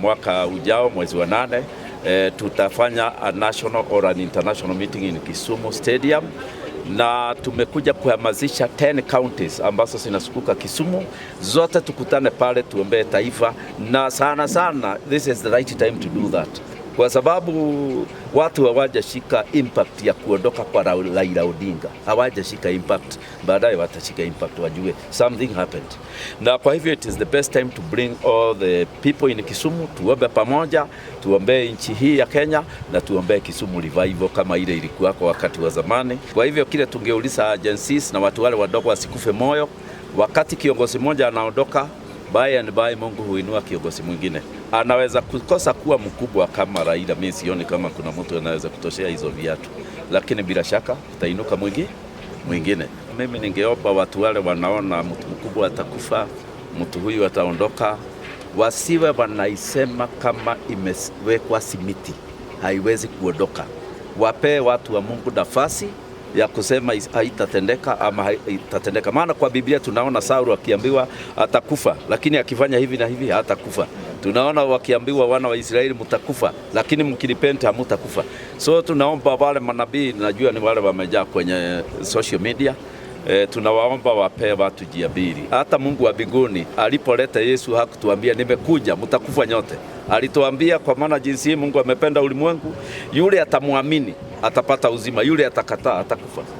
Mwaka ujao mwezi wa nane e, tutafanya a national or an international meeting in Kisumu Stadium, na tumekuja kuhamasisha 10 counties ambazo zinasukuka Kisumu zote, tukutane pale tuombee taifa, na sana sana, this is the right time to do that kwa sababu watu hawajashika impact ya kuondoka kwa Raila Odinga, hawajashika impact. Baadaye watashika impact, wajue something happened. Na kwa hivyo it is the best time to bring all the people in Kisumu, tuombe pamoja, tuombee nchi hii ya Kenya na tuombee Kisumu revival kama ile ilikuwa kwa wakati wa zamani. Kwa hivyo kile tungeuliza agencies na watu wale wadogo wasikufe moyo, wakati kiongozi mmoja anaondoka, by and by Mungu huinua kiongozi mwingine anaweza kukosa kuwa mkubwa kama Raila. Mimi sioni kama kuna mtu anaweza kutoshea hizo viatu, lakini bila shaka utainuka mwingi mwingine. Mimi ningeomba watu wale wanaona mtu mkubwa atakufa, mtu huyu ataondoka, wasiwe wanaisema kama imewekwa simiti, haiwezi kuondoka. Wapee watu wa Mungu nafasi ya kusema haitatendeka ama itatendeka. Maana kwa Biblia tunaona Sauli akiambiwa atakufa, lakini akifanya hivi na hivi hatakufa. Tunaona wakiambiwa wana wa Israeli mtakufa, lakini mkilipenta hamutakufa. So tunaomba wale manabii, najua ni wale wamejaa kwenye social media E, tunawaomba wapee watu jiabiri. Hata Mungu wa mbinguni alipoleta Yesu hakutuambia nimekuja mtakufa nyote, alituambia kwa maana jinsi hii Mungu amependa ulimwengu, yule atamwamini atapata uzima, yule atakataa atakufa.